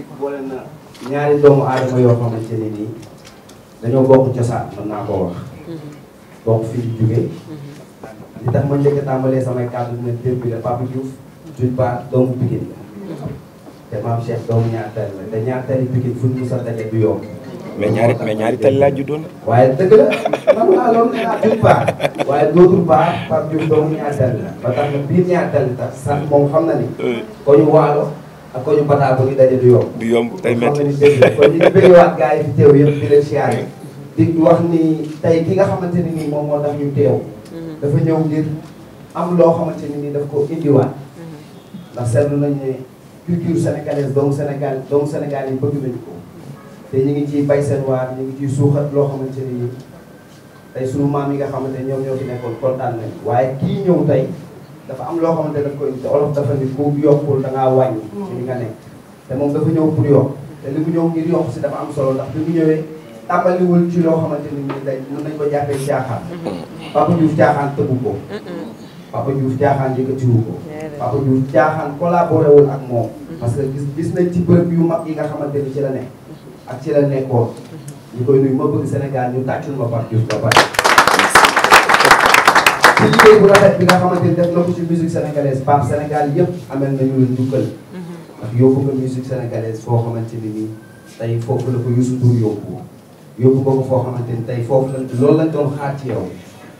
musique boole na ñaari doomu aadama yoo xamante ne nii dañoo bokk cosaan mën naa koo wax mm-hmm. bokk fi ñu jógee mm-hmm. tax ma njëkk a tàmbalee samay kàddu dina démb la Papa Diouf duñ baax doomu Pikine la mm-hmm. te maam Cheikh doomu ñaar tali la te ñaar tali Pikine fu ñu sa daje du yomb mais ñaari mais ñaari tali laa juddoon waaye dëgg la man laa loolu nee naa duñ baax waaye dootul baax Papa Diouf doomu ñaar tali la ba tax na biir ñaar tali tax sax moom xam na ni euh. ko waalo ak ko ñu bataa bu ñu daje du yomb. du yomb day yëpp di leen siyaare di wax ni tey ki nga xamante ne nii moom moo tax ñu teew. Mhm. dafa ñëw ngir am loo xamante ne nii daf ko indiwaat. Mhm. ndax seetlu nañu ne culture sénégalaise doomu Sénégal doomu Sénégal yi bëgg nañu ko. te ñu ngi ciy bay seen waar ñu ngi ciy suuxat loo xamante ne nii tey sunu maam yi nga xamante ne ñoom ñoo fi nekkoon kontaan nañu waaye kii ñëw dafa am loo xamante daf koy te olof dafa ni ku yokkul da ngaa wàññi mm. ci li nga nekk te moom dafa ñëw pour yokk te li mu ñëw ngir yokk si dafa am solo ndax bi mu ñëwee tàmbaliwul ci loo xamante ni ñun dañ mën nañ ko jàppee caaxaan mm-hmm. Papa Diouf caaxaan tëbu ko mm-hmm. Papa Diouf caaxaan yëkkatiwu ko Papa Diouf caaxaan collaboré wul ak moom mm-hmm. parce que gis gis nañ ci yu mag yi nga xamante ni ci la nekk ak ci la nekkoon ñu koy nuyu ma ma Papa Diouf te liggéey bu rafet bi nga xamante ni def na ci musique sénégalaise Pape Sénégal yëpp amel nañu leen njukkal mhm. ndax yóbbu nga musique sénégalaise foo xamante ni nii tey foofu la ko Youssou Ndour yóbbu yóbbu nga ko foo xamante ni tey la loolu lañ doon xaar ci yow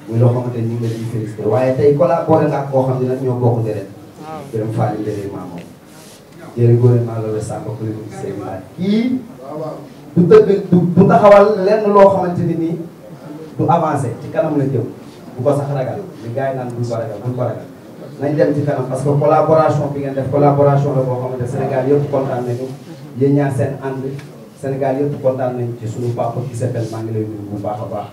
muy loo xamante ni ñu ngi leen di félicité waaye tey collaboré nga ak koo xam ne nag ñoo bokk deret jërëm Faly Ndeye Mamadou jërë góore maa la Samba ku leen gisee maa kii du tëgg du taxawal lenn loo xamante ni nii du avancé ci kanam la jëm. bu ko sax ragal li gars yi naan ko ragal buñ ko ragal nañ dem ci kanam parce collaboration bi ngeen def collaboration la boo xamante Sénégal yëpp kontaan nañu yéen ñaar seen ànd Sénégal yëpp kontaan nañ ci suñu papa qui s'appelle maa ngi lay nuyu bu baax a baax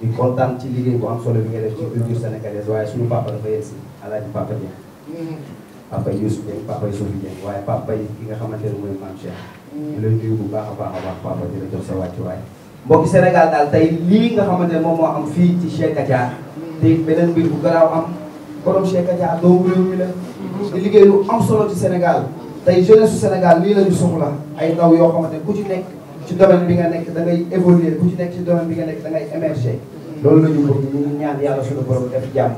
di kontaan ci liggéey bu am solo bi nga def ci culture sénégalaise waaye suñu papa dafa yegsi alaaji papa Dieng papa papa Youssou Dieng papa yi ki nga xamante ne mooy a baax a baax papa jërëjëf sa wàccuwaay mbokki te it beneen mbir bu garaaw am borom Cheikh Adja doomu réew mi la. liggéey lu am solo ci Sénégal tey jeunesse su Sénégal lii la ñu soxla ay ndaw yoo xamante ku ci nekk ci domaine bi nga nekk da ngay évoluer ku ci nekk ci domaine bi nga nekk da ngay émerger. loolu la ñu bëgg ñu ngi ñaan yàlla suñu borom def jàmm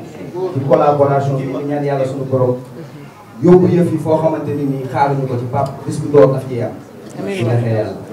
ci collaboration bi ñu ñaan yàlla suñu borom yóbbu yëf yi foo xamante ni nii xaaruñu ko ci Pape bis bu door daf ciy